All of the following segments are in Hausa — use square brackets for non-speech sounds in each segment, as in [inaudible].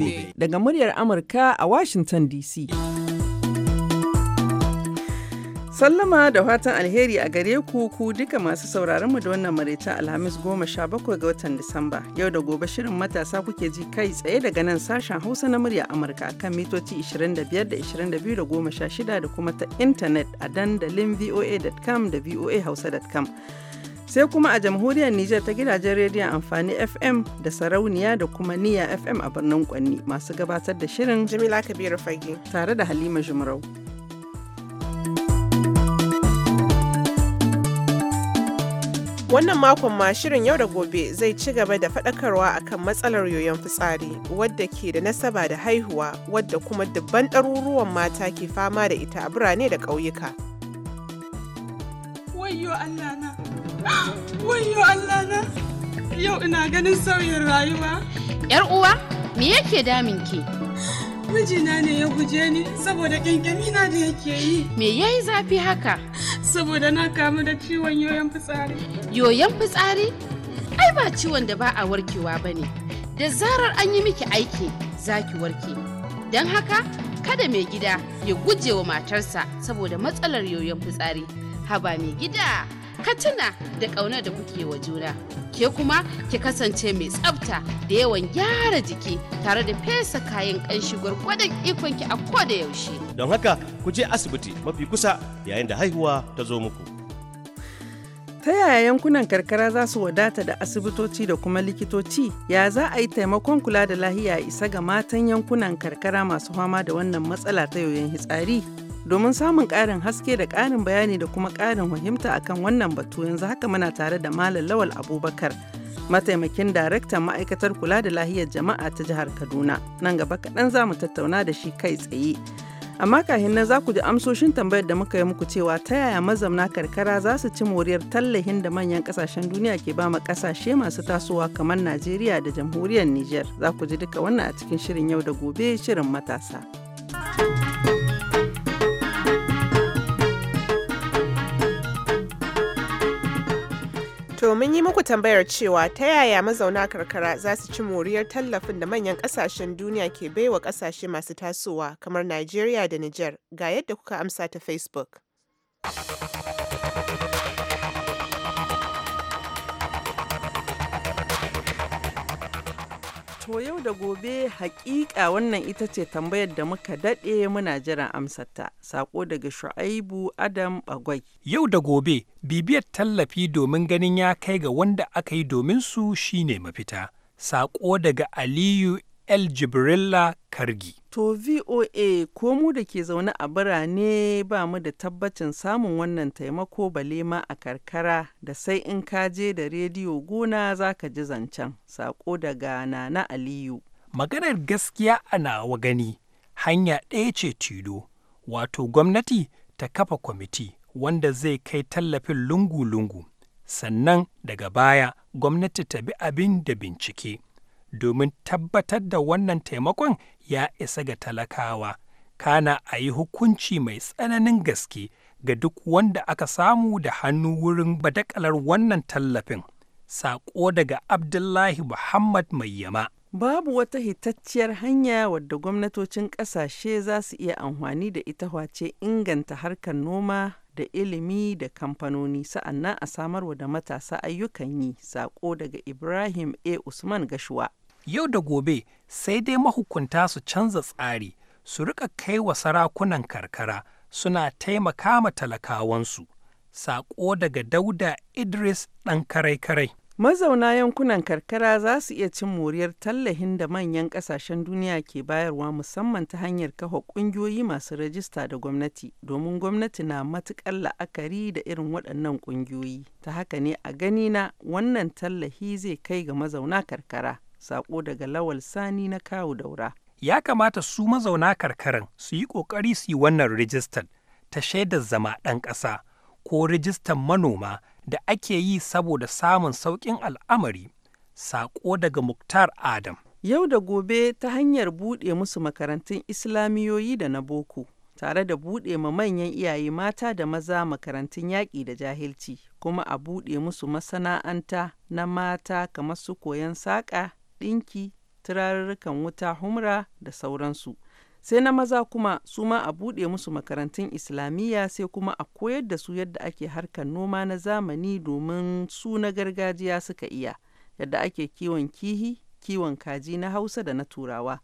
gobe. Daga muryar Amurka a Washington DC. Sallama da fatan alheri a gare ku ku duka masu sauraronmu da wannan maraita Alhamis goma sha bakwai ga watan Disamba. Yau da gobe shirin matasa kuke ji kai tsaye daga nan sashen Hausa na murya Amurka kan mitoci 25 da 22 da goma sha shida da kuma ta intanet a dandalin voa.com da voahausa.com. sai kuma a jamhuriyar Nijar ta gidajen rediyon amfani FM da sarauniya da kuma niya FM a birnin Kwanni masu gabatar da shirin Jamila Kabiru Fage tare da Halima Jumrau. Wannan makon ma shirin yau da gobe zai ci gaba da faɗakarwa akan matsalar yoyon fitsari wadda ke da nasaba da haihuwa wadda kuma dubban ɗaruruwan mata ke fama da ita a birane da ƙauyuka. Wayyo Allah na Wayo Allah na, yau ina ganin sauyin rayuwa. ‘Yar uwa, me yake daminki? Mijina ne ya guje ni saboda ƙyanƙyami na da yake yi. Me ya yi zafi haka? Saboda na kamu da ciwon yoyon fitsari. Yoyon fitsari? Ai ba ciwon da ba a warkewa ba ne. Da zarar an yi miki aiki, za ki warke. Don haka, kada mai gida ya guje wa matarsa saboda matsalar yoyon fitsari. Haba mai gida. Katuna da ƙauna da kuke wa juna ke kuma ki kasance mai tsafta da yawan gyara jiki tare da fesa kayan ƙanshi gwargwadon ikonki a koda yaushe don haka ku je asibiti mafi kusa yayin da haihuwa ta zo muku ta yaya yankunan karkara za su wadata da asibitoci da kuma likitoci ya za a yi taimakon kula da lahiya isa ga matan yankunan karkara masu fama da wannan matsala ta yoyon hitsari Domin samun ƙarin haske da ƙarin bayani da kuma ƙarin fahimta akan wannan batu yanzu haka muna tare da Malam Lawal Abubakar, mataimakin daraktan ma'aikatar kula da lahiyar jama'a ta jihar Kaduna. Nan gaba kaɗan za mu tattauna da shi kai tsaye. Amma kahin nan za ku ji amsoshin tambayar da muka yi muku cewa ta yaya mazamna karkara za su ci moriyar tallahin da manyan kasashen duniya ke ba ma kasashe masu tasowa kamar Najeriya da jamhuriyar Nijar. Za ku ji duka wannan a cikin shirin yau da gobe shirin matasa. mun yi muku tambayar cewa ta yaya mazauna karkara za su ci moriyar tallafin da manyan kasashen duniya ke baiwa kasashe masu tasowa kamar Najeriya da Nijar ga yadda kuka amsa ta Facebook. to yau da gobe hakika wannan ita ce tambayar da muka daɗe muna jiran amsarta. Sako daga Shu'aibu Adam Bagwai. Yau da gobe bibiyar tallafi domin ganin ya kai ga wanda aka yi domin su shine mafita. Sako daga Aliyu El Jibrilla Kargi. To VOA ko mu da ke zaune a birane ba mu da tabbacin samun wannan taimako bale ma a karkara da sai in ka je da rediyo gona zaka ji zancen. Sako daga na Aliyu. Maganar gaskiya ana wa gani hanya ɗaya ce tilo, wato gwamnati ta kafa kwamiti wanda zai kai tallafin lungu-lungu. Sannan daga baya gwamnati ta bi abin da bincike domin tabbatar da wannan taimakon ya isa ga talakawa kana a yi hukunci mai tsananin gaske ga duk wanda aka samu da hannu wurin badakalar wannan tallafin saƙo daga abdullahi muhammad mai yama babu wata hitacciyar hanya wadda gwamnatocin ƙasashe za su iya amfani da ita wace inganta harkar noma da ilimi da kamfanoni sa'annan a samarwa da matasa ayyukan yi saƙo daga ibrahim a usman gashuwa yau da gobe sai dai mahukunta su canza tsari su rika kai wa sarakunan karkara suna taimaka ma talakawansu saƙo daga dauda idris ɗan karai-karai mazauna yankunan karkara za su iya cin moriyar tallahin da manyan ƙasashen duniya ke bayarwa musamman ta hanyar kafa ƙungiyoyi masu rajista da gwamnati domin gwamnati na matuƙar la'akari da irin waɗannan ƙungiyoyi ta haka ne a ganina wannan tallahi zai kai ga mazauna karkara Sako daga Lawal Sani na kawo daura. Ya kamata su mazauna karkaran su yi ƙoƙari su yi wannan rijistar ta shaidar zama ɗan ƙasa ko rijistar manoma da ake yi saboda samun sauƙin al'amari. Sako daga Muktar Adam. Yau da gobe ta hanyar buɗe musu makarantun Islamiyoyi da na boko. tare da buɗe ma manyan iyaye mata da maza makarantun yaƙi da jahilci kuma a buɗe musu masana'anta na mata kamar su koyon saƙa ɗinki, turarurrukan wuta, humra da sauransu. Sai na maza kuma su ma a buɗe musu makarantun Islamiyya sai kuma a koyar da su yadda ake harkar noma na zamani domin su na gargajiya suka iya, yadda ake kiwon kihi, kiwon kaji na Hausa da na Turawa.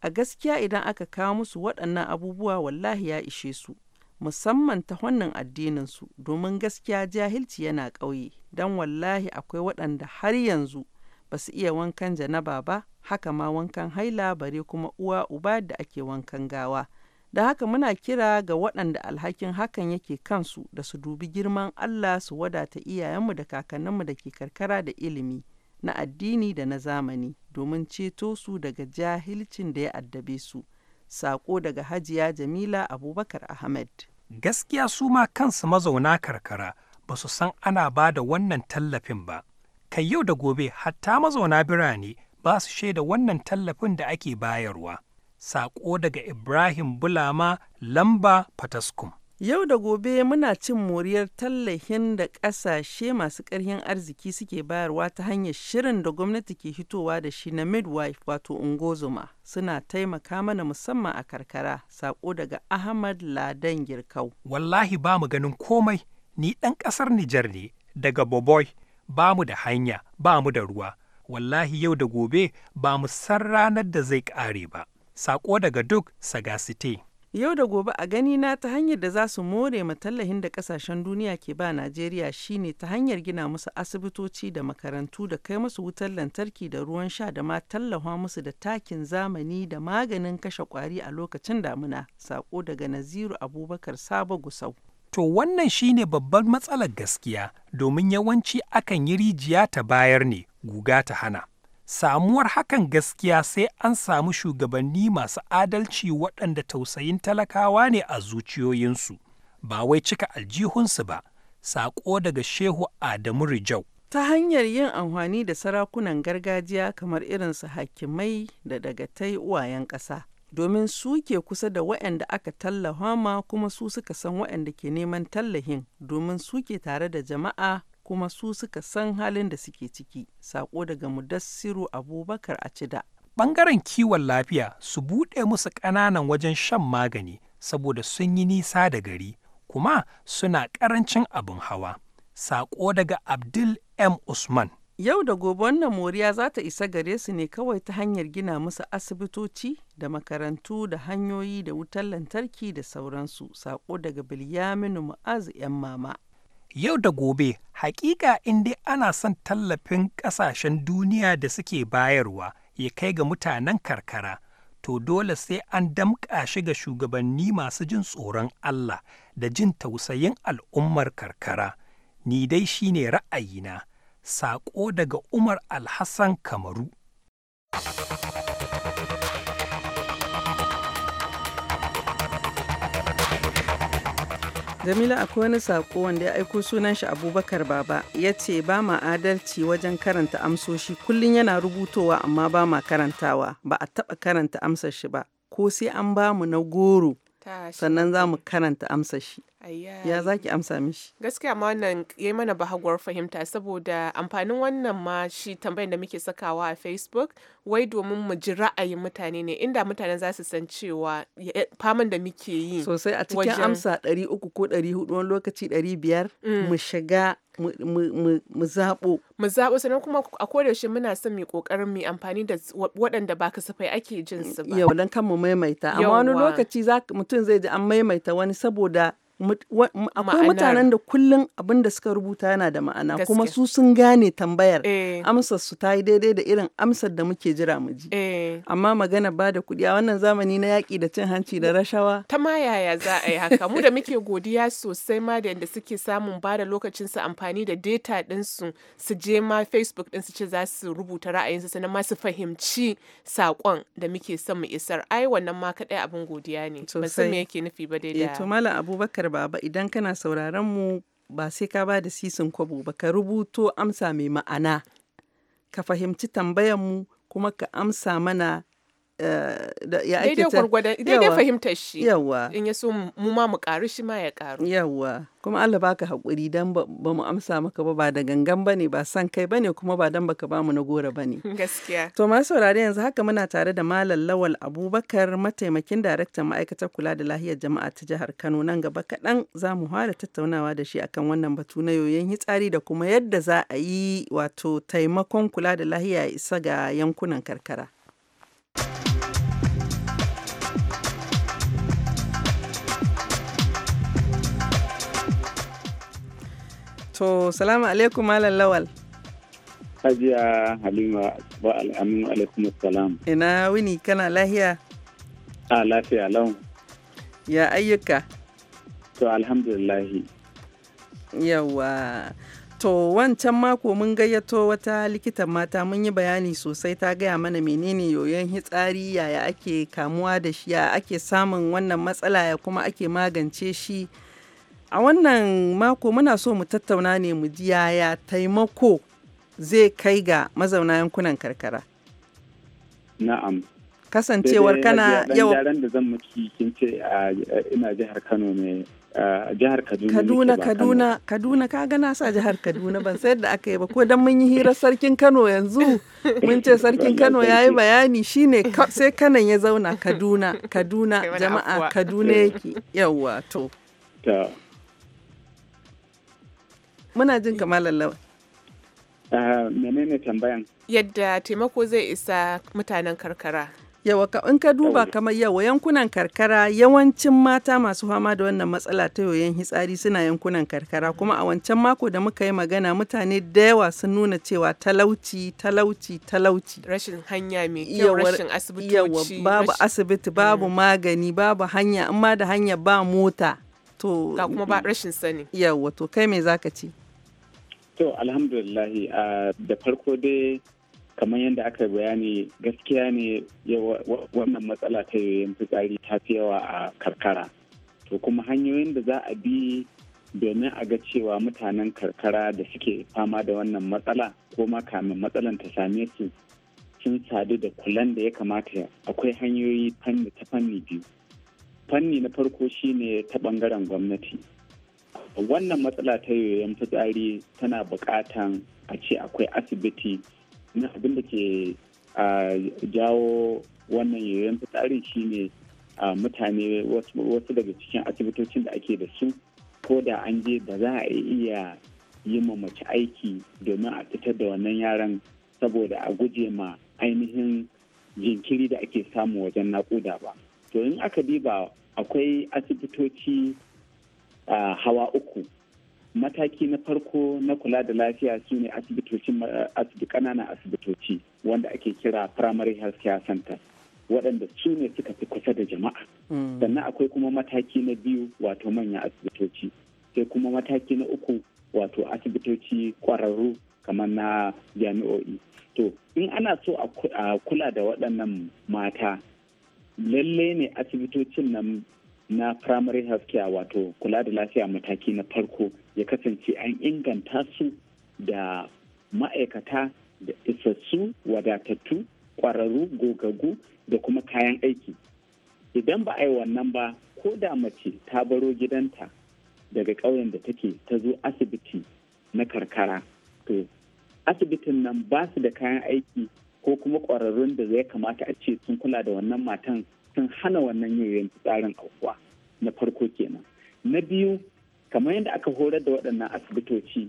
A gaskiya idan aka kawo musu waɗannan abubuwa wallahi ya ishe su. musamman ta wannan addininsu domin gaskiya jahilci yana ƙauye don wallahi akwai waɗanda har yanzu ba su iya wankan janaba ba haka ma wankan haila bare kuma uwa uba da ake wankan gawa da haka muna kira ga waɗanda alhakin hakan yake kansu da su dubi girman Allah su wadata iyayenmu da kakanninmu da ke karkara da ilimi na addini da na zamani domin ceto su daga jahilcin da ya addabe su sako daga hajiya jamila abubakar ahmed gaskiya su ma kansu mazauna karkara ba su san ana ba da wannan tallafin ba kai yau da gobe hatta mazauna birane ba su shaida wannan tallafin da ake bayarwa. Saƙo daga Ibrahim Bulama lamba Fataskum. Yau da gobe muna cin moriyar tallahin da ƙasashe masu ƙarfin arziki suke bayarwa ta hanyar shirin da gwamnati ke hitowa da shi na midwife wato ungozoma suna taimaka mana musamman a karkara saƙo daga Ahmad Ladan Girkau. Wallahi ba mu ganin komai, ni ɗan ƙasar Nijar ne daga Boboy. ba mu da hanya ba mu da ruwa wallahi yau da gobe ba mu san ranar da zai ƙare ba saƙo daga duk sagasite yau da gobe a gani na ta hanyar da za su more ma tallahin da kasashen duniya ke ba najeriya shine ta hanyar gina musu asibitoci da makarantu da kai musu wutar lantarki da ruwan sha da ma tallafa musu da takin zamani da maganin kashe kwari a lokacin damuna sako daga naziru abubakar sabo gusau To wannan shi ne babbar matsalar gaskiya domin yawanci akan yi rijiya ta bayar ne guga ta hana. Samuwar hakan gaskiya sai an samu shugabanni masu adalci waɗanda tausayin talakawa ne a zuciyoyinsu, ba wai cika aljihunsu ba, saƙo daga Shehu Adamu Rijau. ta hanyar yin amfani da sarakunan gargajiya kamar irinsu hakimai da dagatai uwayen ƙasa. domin su ke kusa da waɗanda aka tallafa ma kuma su suka san waɗanda ke neman tallahin domin su ke tare da jama'a kuma su suka san halin da suke ciki sako daga mudassiru abubakar a cida ɓangaren kiwon lafiya su buɗe musu ƙananan wajen shan magani saboda sun yi nisa da gari kuma suna ƙarancin abin hawa sako daga abdul m usman Yau da gobe wannan moriya za ta isa gare su ne kawai ta hanyar gina musu asibitoci da makarantu da hanyoyi da wutar lantarki da sauransu, sako daga Bilyaminu Mu'azu 'yan mama. Yau da gobe, hakika dai ana son tallafin kasashen duniya da suke bayarwa ya kai ga mutanen karkara, to dole sai an damƙa shi ga shugabanni masu jin tsoron Allah da jin tausayin al'ummar karkara. Ni dai shine ra'ayina. Saƙo daga Umar Alhassan Kamaru. Jamila akwai wani saƙo wanda ya aiko sunan shi Abubakar Baba ya ce ba ma adalci wajen karanta amsoshi kullum yana rubutowa amma ba ma karantawa ba a taɓa karanta amsar shi ba ko sai an ba mu na goro sannan za mu karanta amsa shi ya za ki amsa mishi gaskiya ma wannan ya yi mana bahagwar fahimta saboda amfanin wannan ma shi tambayar da muke sakawa a facebook wai domin mu ji ra'ayin mutane ne inda mutane za su san cewa faman da muke yi sosai a cikin amsa 300 ko 400 wani lokaci 500 mm. mu shiga mu zaɓo. Mu zaɓo sannan kuma a kodayaushe muna son mai ƙoƙarin mai amfani da waɗanda ba kasafai ake jin su ba. Yau dan kan mu maimaita. Amma wani lokaci mutum zai ji an maimaita wani saboda akwai mutanen da kullum abin da suka rubuta yana da ma'ana kuma su sun gane tambayar eh. amsar su ta yi daidai da irin amsar da muke jira mu ji eh. amma magana ba da kuɗi a wannan zamani na yaƙi da cin hanci da rashawa ta ma yaya za a yi haka mu da muke godiya sosai ma da yadda suke samun ba da lokacin amfani da data din su su je ma facebook din su ce za su rubuta ra'ayinsu sannan ma su fahimci saƙon da muke son mu isar ai wannan ma kaɗai abin godiya ne ban san me yake nufi ba daidai eh, malam abubakar Abubakar ba idan kana sauraron mu ba sai ka ba da sisin kwabo ba ka rubuto amsa mai ma'ana. Ka fahimci tambayan mu kuma ka amsa mana Eh, ya ake daidai fahimtar shi yawa in ya so mu ma mu karu shi ma ya karu yawa kuma Allah baka hakuri dan ba mu amsa maka ba ba da gangan bane ba san kai bane kuma ba dan baka bamu na gora bane [laughs] gaskiya to masu saurare yanzu haka muna tare da Malam Lawal Abubakar mataimakin daraktan ma'aikatar kula da lahiyar jama'a ta jihar Kano nan gaba kaɗan za mu fara tattaunawa da shi akan wannan batu na yoyon hitsari da kuma yadda za a yi wato taimakon kula da lahiya isa ga yankunan karkara To, salamu alaikum Malam Lawal. Hajiya Halima ba al'aminu alaikum salam. Ina wuni kana lahiya? A lafiya lau. Ya ayyuka? To, alhamdulillahi. Yawa. To, wancan mako mun gayyato wata likitan mata mun yi bayani sosai ta gaya mana menene yoyon hitsari yaya ake kamuwa da shi ya ake samun wannan matsala ya kuma ake magance shi. A wannan mako muna so mu tattauna ne mu ji yaya taimako zai kai ga mazauna yankunan karkara. Na'am. Kasancewar kana yau. da zan maki kin ce ina jihar Kano ne jihar Kaduna. Kaduna Kaduna Kaduna ka ga na sa jihar Kaduna ban sayar da aka yi ba ko dan mun yi hirar sarkin Kano yanzu mun ce sarkin Kano ya yi bayani shine sai kanan ya zauna Kaduna Kaduna jama'a Kaduna yake yawa to. Muna jin kamalan lawan. Ah, menene tambayan? Yadda taimako zai isa mutanen karkara. Yawa in ka duba kamar yawa yankunan karkara yawancin mata masu fama da wannan matsala ta yoyon hitsari suna yankunan karkara kuma a wancan mako da muka yi magana mutane da yawa sun nuna cewa talauci talauci talauci rashin hanya mai kyau rashin asibitoci yawa babu asibiti babu mm. magani babu hanya amma da hanya ba mota to ga kuma ba rashin sani yawa to kai mai zaka ci to alhamdulillah da farko dai kamar yadda aka bayani gaskiya ne wannan matsala ta yoyin fitsari ta fi yawa a karkara to kuma hanyoyin da za a bi domin a ga cewa mutanen karkara da suke fama da wannan matsala ko ma kamin matsalan ta same su sun sadu da kulan da ya kamata akwai hanyoyi fanni ta fanni biyu fanni na farko shine ta bangaren gwamnati wannan matsala ta yoyon fitsari tana bukatan a ce akwai asibiti na abin da ke jawo wannan yoyon fitsari shine mutane wasu daga cikin asibitocin da ake da su ko da an je ba za a iya yi ma mace aiki domin a fitar da wannan yaran saboda a guje ma ainihin jinkiri da ake samu wajen naƙuda ba. to in aka diba akwai asibitoci hawa uku mataki na farko na kula da lafiya su ne ƙananan asibitoci wanda ake kira primary health care center waɗanda su ne suka fi kusa da jama'a hmm. sannan akwai kuma mataki na biyu wato manyan asibitoci sai kuma mataki na uku wato asibitoci ƙwararru kamar na jami'o'i to in ana so a kula da waɗannan mata lalle ne asibitocin nan na primary health care wato kula da lafiya mataki na farko ya kasance an inganta su da ma'aikata da isassu wadatattu kwararru gogagu da kuma kayan aiki idan ba a yi wannan ba ko da mace ta baro gidanta daga ƙauyen da take ta zo asibiti na karkara to asibitin nan ba su da kayan aiki ko kuma ƙwararrun da zai kamata a ce sun kula da wannan matan sun hana wannan yoyon tsarin aukuwa na farko kenan na biyu kamar yadda aka horar da waɗannan asibitoci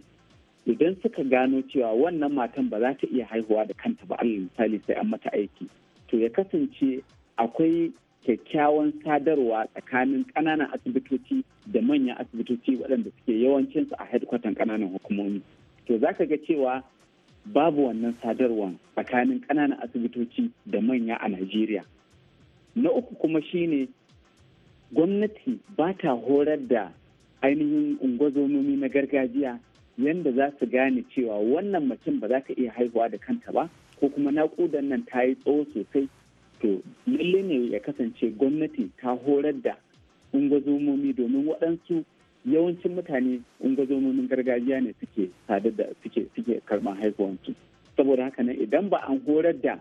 idan suka gano cewa wannan matan ba za ta iya haihuwa da kanta ba allah misali sai an mata aiki to ya kasance akwai kyakkyawan sadarwa tsakanin ƙananan asibitoci da manyan asibitoci waɗanda suke yawancinsu a hedkwatan ƙananan hukumomi to za ka ga cewa babu wannan sadarwa tsakanin ƙananan asibitoci da manya a Najeriya. Na uku kuma shine gwamnati ba ta horar da ainihin ungozomomi na gargajiya yadda za su gane cewa wannan mutum ba za ka iya haihuwa da kanta ba ko kuma naƙudan nan ta yi tsawo sosai to lalle ne ya kasance gwamnati ta horar da ungozomomi domin waɗansu yawancin mutane ungozomomin gargajiya ne suke sadar da suke suke karɓar haihuwansu saboda haka nan idan ba an horar da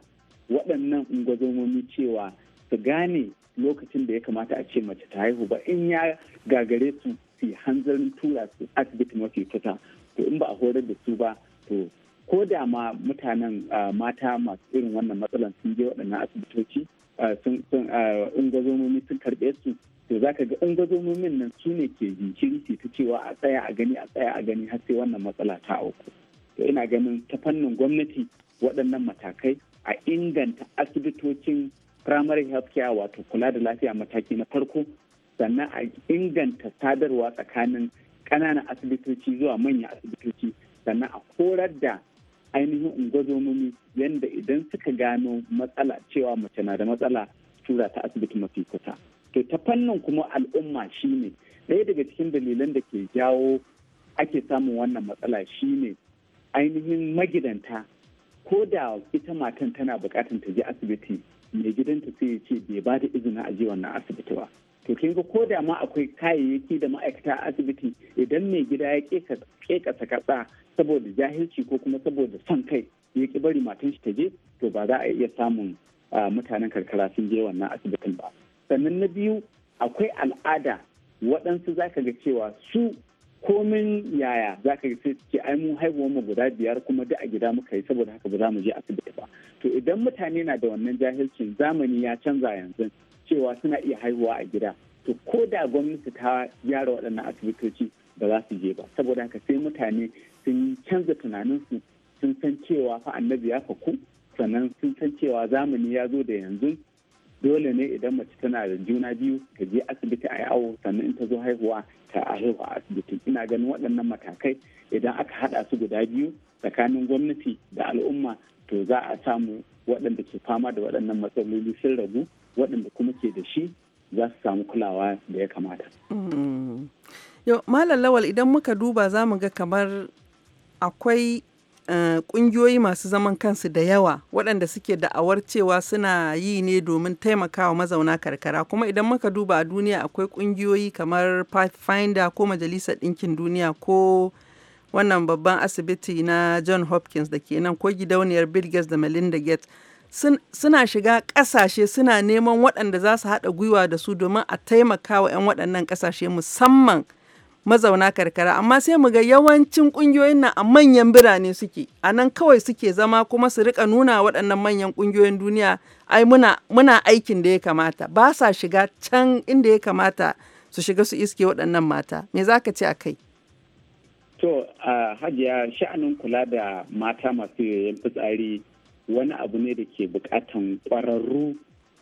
waɗannan ungozomomi cewa su gane lokacin da ya kamata a ce mace ta haihu ba in ya gagare su su hanzarin tura su asibiti mafi kusa to in ba a horar da su ba to ko da ma mutanen mata masu irin wannan matsalan sun je waɗannan asibitoci sun ungozomomi sun karɓe su to za ka ga ungozomomin nan su ne ke jinkiri ce ta cewa a tsaya a gani a tsaya a gani har sai wannan matsala ta auku to ina ganin ta fannin gwamnati waɗannan matakai a inganta asibitocin primary health care wato kula da lafiya mataki na farko sannan a inganta sadarwa tsakanin ƙananan asibitoci zuwa manyan asibitoci sannan a korar da ainihin ungozomomi yadda idan suka gano matsala cewa mace na da matsala tura ta asibiti mafi kusa to ta fannin kuma al'umma shine ɗaya daga cikin dalilan da ke jawo ake samun wannan matsala shine ainihin magidanta ko da ita matan tana bukatan ta je asibiti mai gidanta sai ya ce bai ba da izinin a wannan asibiti ba to kin ga ko da ma akwai kayayyaki da ma'aikata a asibiti idan mai gida ya kekasa katsa saboda jahilci ko kuma saboda son kai ya ki bari matan shi ta je to ba za a iya samun ah, mutanen karkara sun je wannan asibitin ba sannan na biyu akwai al'ada waɗansu za ka ga cewa su komin yaya za ka sai ce ai mun haihuwar mu guda biyar kuma duk a gida muka yi saboda haka ba za mu je asibiti ba to idan mutane na da wannan jahilcin zamani ya canza yanzu cewa suna iya haihuwa a gida to ko da gwamnati ta gyara waɗannan asibitoci ba za su je ba saboda haka sai mutane sun canza tunaninsu sun san cewa fa annabi ya faku sannan sun san cewa zamani ya zo da yanzu dole ne idan mace tana da juna biyu ta je asibiti a yawo sannan in ta zo haihuwa ta a haihuwa a asibiti ina ganin waɗannan matakai idan aka haɗa su guda biyu tsakanin gwamnati da al'umma to za a samu waɗanda ke fama da waɗannan matsaloli sun ragu waɗanda kuma ke da shi za su samu kulawa da ya kamata. Mm. Yau, Malam Lawal idan muka duba za mu ga kamar akwai kungiyoyi eh, masu zaman kansu da yawa waɗanda suke da'awar cewa suna yi ne domin taimakawa mazauna karkara kuma idan muka duba a duniya akwai kungiyoyi kamar Pathfinder ko Majalisar Ɗinkin Duniya ko wannan babban asibiti na John Hopkins da ke nan ko gidauniyar Bill Gates da Melinda Gates suna shiga ƙasashe suna neman waɗanda za su haɗa gwiwa da su domin a taimakawa 'yan waɗannan ƙasashe musamman mazauna karkara amma sai mu ga yawancin kungiyoyin nan a manyan birane suke a nan kawai suke zama kuma su rika nuna waɗannan manyan kungiyoyin duniya ai muna muna aikin da ya kamata ba sa shiga can inda ya kamata su shiga su iske waɗannan mata me za ka ce a kai to a hajiya sha'anin kula da mata masu yoyon fitsari wani abu ne da ke bukatan kwararru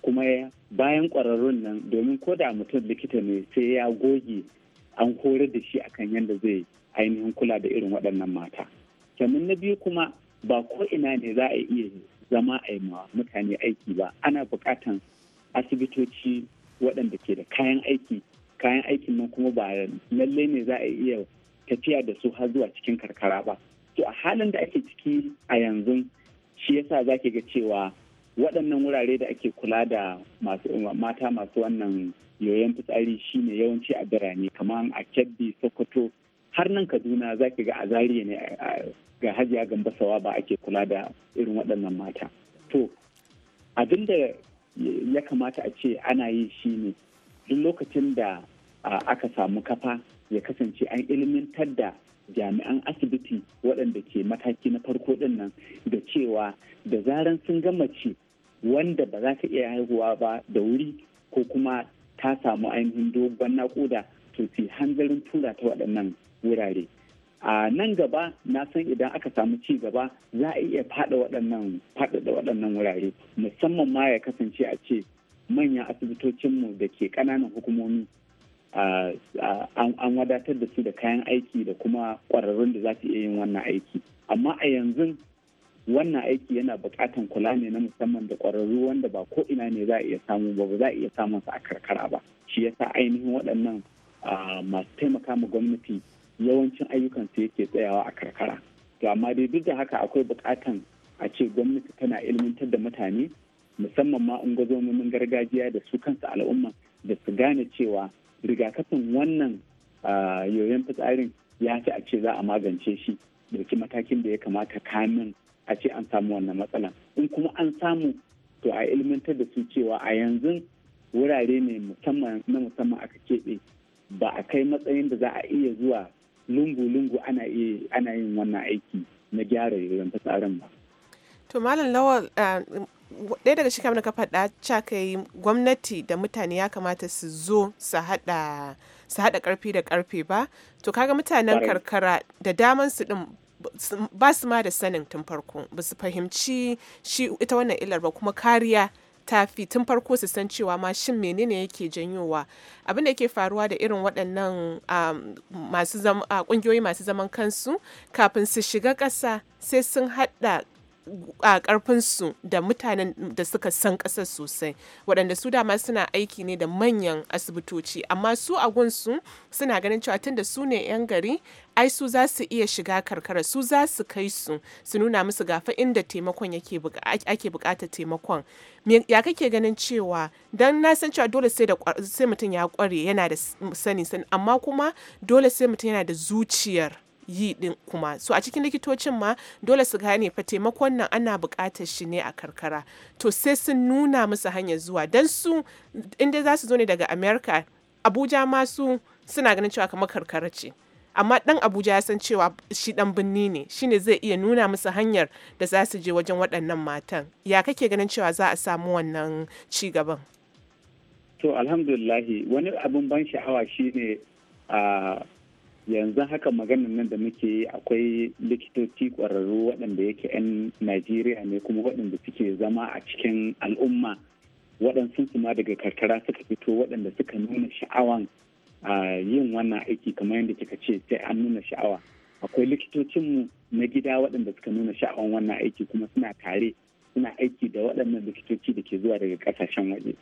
kuma bayan ƙwararrun nan domin ko da mutum likita ne sai ya goge an horar da shi akan yadda zai ainihin kula da irin waɗannan mata sannan na biyu kuma ba ko ina ne za a iya zama a yi mutane aiki ba ana buƙatan asibitoci waɗanda ke da kayan aiki kayan aikin nan kuma ba lalle ne za a iya tafiya da su har zuwa cikin karkara ba to a halin da ake ciki a yanzu shi yasa za ga cewa waɗannan wurare da ake kula da mata masu wannan yoyon fitsari shine yawanci a birane kamar a kebbi sokoto har nan kaduna za ga a zariya ne ga hajiya gambasawa ba ake kula da irin waɗannan mata to abin da ya kamata a ce ana yi shine duk lokacin da aka samu kafa ya kasance an ilmintar da jami'an asibiti waɗanda ke mataki na farko ɗin nan da cewa da zaran sun gama ci wanda ba za ka iya haihuwa ba da wuri ko kuma ta samu ainihin dogon naƙuda to fi hanzarin tura ta waɗannan wurare a nan gaba na san idan aka samu ci gaba za a iya faɗa waɗannan waɗannan wurare musamman ma ya kasance a ce manyan asibitocinmu da ke ƙananan hukumomi an wadatar da su da kayan aiki da kuma ƙwararrun da za su iya yin wannan aiki amma a yanzu wannan aiki yana buƙatan kula ne na musamman da kwararru wanda ba ko ina ne za a iya samu ba ba za a iya samun sa a karkara ba shi yasa ainihin waɗannan masu taimaka ma gwamnati yawancin ayyukan su yake tsayawa a karkara to amma dai duk da haka akwai buƙatan a ce gwamnati tana ilmantar da mutane musamman ma ungozomin gargajiya da su kansu al'umma da su gane cewa rigakafin wannan yoyon fitsarin ya fi a ce za a magance shi dauki matakin da ya kamata kamin a ce an samu wannan matsala in kuma an samu to a ilmantar da su cewa a yanzu wurare ne musamman na musamman aka keɓe ba a kai matsayin da za a iya zuwa lungu-lungu ana yin wannan aiki na gyara yoyon tsarin ba. To Malam Lawal ɗaya daga da ka faɗa caka yi gwamnati da mutane ya kamata su zo su haɗa su ƙarfi da ƙarfe ba to kaga mutanen karkara da daman su ɗin ba su ma da sanin tun farko ba su fahimci shi ita wannan illar ba kuma kariya ta fi tun farko su san cewa ma shin menene yake janyowa abin da yake faruwa da irin waɗannan ƙungiyoyi masu zaman kansu kafin su shiga ƙasa sai sun haɗa A karfinsu da mutanen da suka san ƙasar sosai waɗanda su dama suna aiki ne da manyan asibitoci amma su a gunsu suna ganin cewa tunda su ne 'yan gari ai su za su iya shiga karkara su za su kai su su nuna musu gafa inda taimakon ake bukata taimakon ya kake ganin cewa don na san cewa dole sai mutum ya kware yana da sani sani amma kuma dole sai mutum yana da zuciyar yi din kuma so a cikin likitocin ma dole su gane fa taimakon nan ana bukatar shi ne a karkara to sai sun nuna musu hanyar zuwa dan su inda za su zo ne daga america abuja ma su suna ganin cewa kamar karkara ce amma dan abuja ya san cewa shi dan binni ne shine zai iya nuna musu hanyar da za su je wajen waɗannan matan ya kake ganin cewa za a samu wannan ci gaban to alhamdulillah wani abin ban sha'awa shine a ah, yanzu haka maganan nan da muke akwai likitoci ƙwararru waɗanda yake 'yan najeriya ne kuma waɗanda suke zama a cikin al'umma waɗansu kuma daga karkara suka fito waɗanda suka nuna sha'awan yin wannan aiki kamar yadda kika ce sai an nuna sha'awa akwai likitocinmu na gida waɗanda suka nuna sha'awan wannan aiki kuma suna tare suna aiki da waɗannan likitoci da ke zuwa daga ƙasashen waje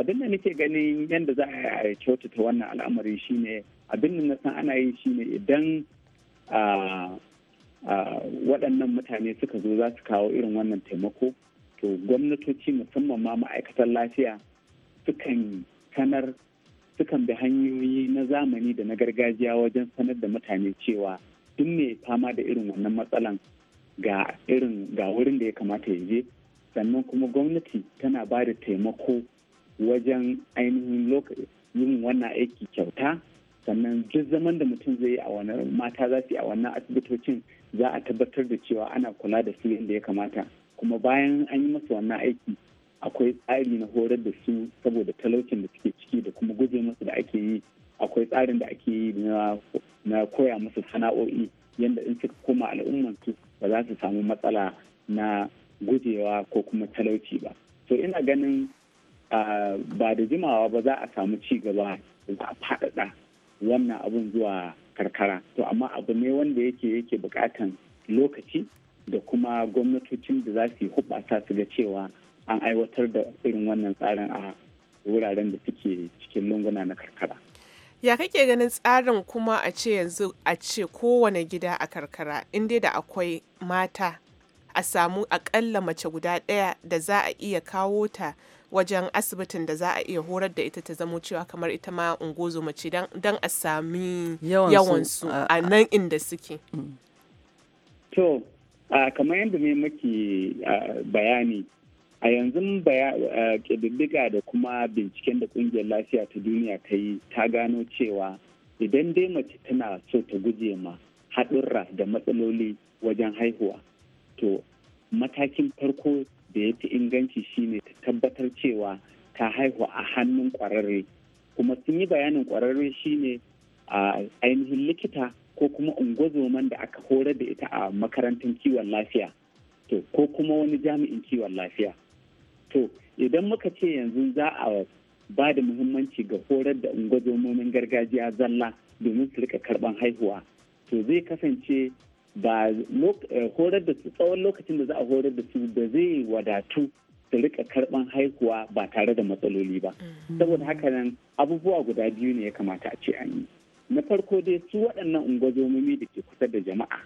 abin da nake ganin yadda za a kyautata wannan al'amari shine abin da na san ana yi shine idan waɗannan mutane suka zo za su kawo irin wannan taimako to gwamnatoci musamman ma ma'aikatan lafiya sukan sanar sukan bi hanyoyi na zamani da na gargajiya wajen sanar da mutane cewa duk mai fama da irin wannan matsalan ga irin ga wurin da ya kamata ya je sannan kuma gwamnati tana ba da taimako wajen ainihin yin wannan aiki kyauta sannan duk zaman da mutum zai yi a wani mata za su yi a wannan asibitocin za a tabbatar da cewa ana kula da su yadda ya kamata kuma bayan an yi masa wannan aiki akwai tsari na horar da su saboda talaucin da suke ciki da kuma guje musu da ake yi akwai tsarin da ake yi na koya musu sana'o'i yadda in suka koma su ba za su samu matsala na gujewa ko kuma talauci ba so ina ganin ah, ba da jimawa ba za a samu ci gaba za a faɗaɗa wannan abun zuwa karkara to amma abu ne wanda yake yake bukatan lokaci da kuma gwamnatocin da za su yi hubasa su ga cewa an aiwatar da irin wannan tsarin a wuraren da suke cikin lunguna na karkara ya kake ganin tsarin kuma a ce yanzu a ce kowane gida a karkara inda da akwai mata a samu akalla mace guda ɗaya da za a iya kawo ta wajen asibitin da za a iya horar da ita ta zamo cewa kamar ita ma ungozo mace don a sami yawansu a nan inda suke. Mm. To, kamar yadda ne maki bayani a yanzu ƙididdiga da kuma binciken da ƙungiyar lafiya ta duniya ta yi ta gano cewa idan dai mace tana so ta guje ma haɗurra da matsaloli wajen haihuwa to matakin farko da ya fi inganci shine ta tabbatar cewa ta haihu a hannun kwararre kuma sun yi bayanin kwararre shine a ainihin likita ko kuma ungozoman da aka horar da ita a makarantar kiwon lafiya to ko kuma wani jami'in kiwon lafiya to idan muka ce yanzu za a ba da muhimmanci ga horar da ungozomomin gargajiya zalla domin su rika karban haihuwa to zai kasance ba eh, horar da su tsawon lokacin da za a horar da su da zai wadatu su rika karban haihuwa ba tare da matsaloli ba mm. saboda haka nan abubuwa guda biyu ne ya kamata a ce an yi na farko dai su waɗannan ungwazomomi da ke kusa da jama'a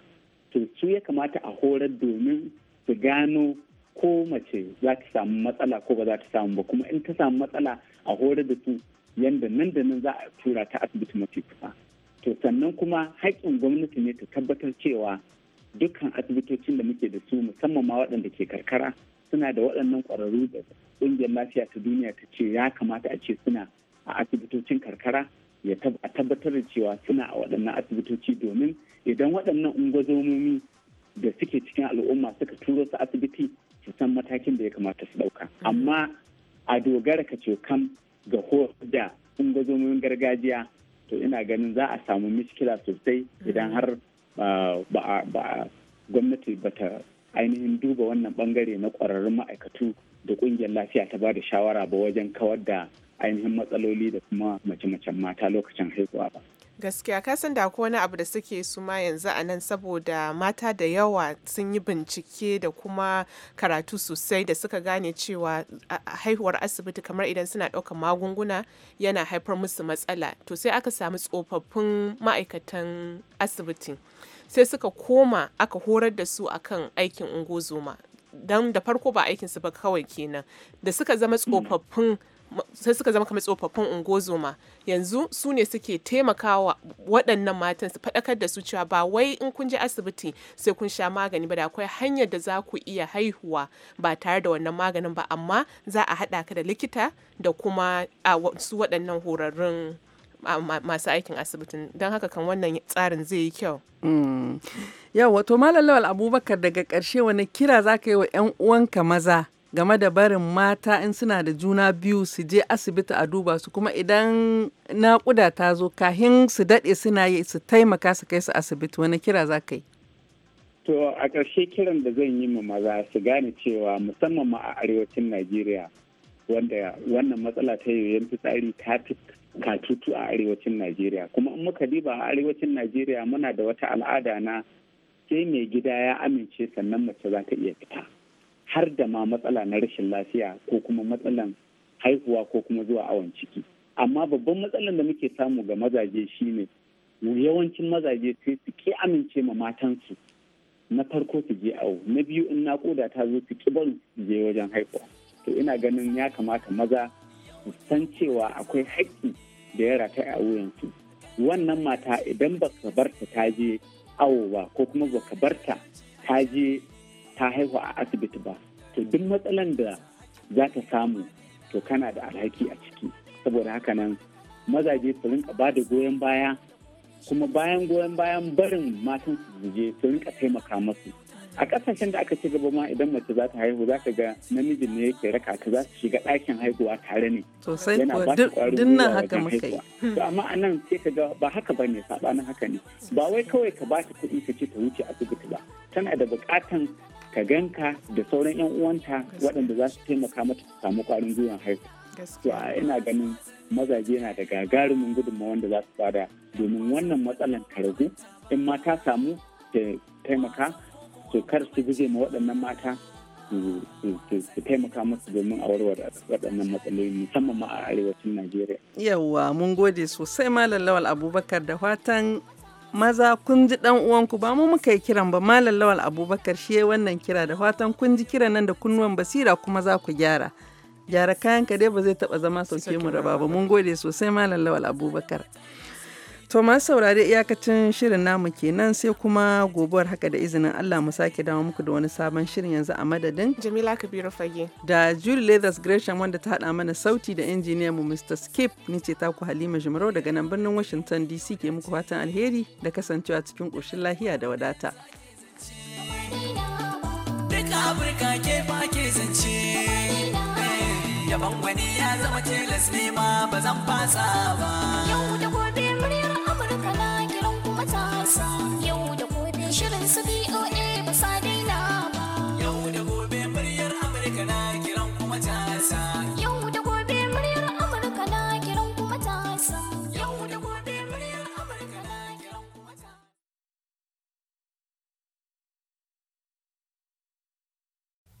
to su ya kamata a horar domin su gano ko mace za ta samu matsala ko ba za ta samu ba kuma in ta samu matsala a horar da su yanda nan da nan za a tura ta asibiti mafi kusa to sannan kuma haƙƙin gwamnati ne ta tabbatar cewa dukkan asibitocin da muke da su musamman ma waɗanda ke karkara suna da waɗannan ƙwararru da ƙungiyar lafiya ta duniya ta ce ya kamata a ce suna a asibitocin karkara ya tabbatar da cewa suna a waɗannan asibitoci domin idan waɗannan ungozomomi da suke cikin al'umma suka turo su asibiti su san matakin da ya kamata su ɗauka mm-hmm. amma a dogara ka ce kam ga horar da ungozomomin gargajiya to ina ganin za a samu miskila sosai idan har ba gwamnati ba ta ainihin duba wannan bangare na kwararrun ma'aikatu da kungiyar lafiya ta ba da shawara ba wajen kawar da ainihin matsaloli da kuma mace-macen mata lokacin haihuwa ba. gaskiya ka san da ko wani abu da suke su ma yanzu a nan saboda mata da yawa sun yi bincike da kuma karatu sosai da suka gane cewa haihuwar asibiti kamar idan suna ɗaukar magunguna yana haifar musu matsala to sai aka samu tsofaffin ma'aikatan asibiti sai suka koma aka horar da su akan aikin ungozoma don da farko ba aikinsu ba kawai kenan da suka zama hmm. tsofaffin sai suka zama kamar tsofaffin ungozoma yanzu su ne suke taimakawa waɗannan matan su faɗakar da su cewa ba wai in kun je asibiti sai kun sha magani ba da akwai hanyar da za ku iya haihuwa ba tare da wannan maganin ba amma za a haɗa ka da likita da kuma su waɗannan horarrun masu aikin asibitin don haka kan wannan tsarin zai yi kyau. Mm. Yau wato Malam Lawal Abubakar daga ƙarshe wani kira za ka yi wa 'yan uwanka maza game da barin mata in suna da juna biyu su je asibiti a duba su kuma idan naƙuda ta zo kahin su daɗe suna yi su taimaka su kai su asibiti wani kira za ka yi to a ƙarshe kiran da zan yi ma maza su gane cewa musamman ma a arewacin najeriya wanda wannan matsala ta yoyon fitsari ta fi katutu a arewacin najeriya kuma in muka diba a arewacin najeriya muna da wata al'ada na sai mai gida ya amince sannan mace za ta iya fita har da ma matsala na rashin lafiya ko kuma matsalan haihuwa ko kuma zuwa awon ciki amma babban matsalan da muke samu ga mazaje shine yawancin mazaje sai su ke amince ma matansu na farko su je awo na biyu in naƙuda ta zo su ki barin je wajen haihuwa to ina ganin ya kamata maza su san cewa akwai haƙƙi da ya ta a wuyansu wannan mata idan baka barta ta je awo ba ko kuma baka barta ta je ta haihu a asibiti ba to duk matsalan da za ta samu to kana da alhaki a ciki saboda haka nan mazaje su rinka ba da goyon baya kuma bayan goyon bayan barin matan su je su rinka taimaka masu a kasashen da aka ci gaba ma idan mace za ta haihu za ka ga namijin ne yake raka ta za su shiga ɗakin haihuwa tare ne sosai kuwa dinnan wajen haihuwa to amma a nan sai ka ga ba haka ba ne saɓanin haka ne ba wai kawai ka ba ta kuɗi ka ce ta wuce asibiti ba tana da buƙatan ka ganka da sauran 'yan uwanta waɗanda za su taimaka mata su samu ƙwarin gwiwan haihuwa. To a ina ganin mazaje na da gagarumin gudunmawa wanda za su bada domin wannan matsalan ta ragu in mata samu ta taimaka to kar su guje ma waɗannan mata su taimaka musu domin a warware waɗannan matsaloli musamman ma a arewacin Najeriya. Yawwa mun gode sosai Malam Lawal Abubakar da fatan maza kun ji dan uwanku ba mu muka yi kiran ba malam lawal abubakar shi wannan kira da fatan kun ji kiran nan da kunnuwan basira kuma za ku gyara gyara kayanka dai ba zai taba zama sauke mu raba ba mun gode sosai malam lawal abubakar To saurari iyakacin shirin namu kenan sai kuma gobuwar haka da izinin Allah mu sake dawo muku da wani sabon shirin yanzu a madadin. Jamila Kabiru Fage. Da Julie Leathers Gresham wanda ta haɗa mana sauti da injiniyan mu Mr. Skip ni ce taku Halima Jumaro daga nan birnin Washington DC ke muku fatan alheri da kasancewa cikin ƙoshin lahiya da wadata. Duka Afirka ke zance. wani ya zama tilas nema ba zan fasa ba. Yau da gobe muryar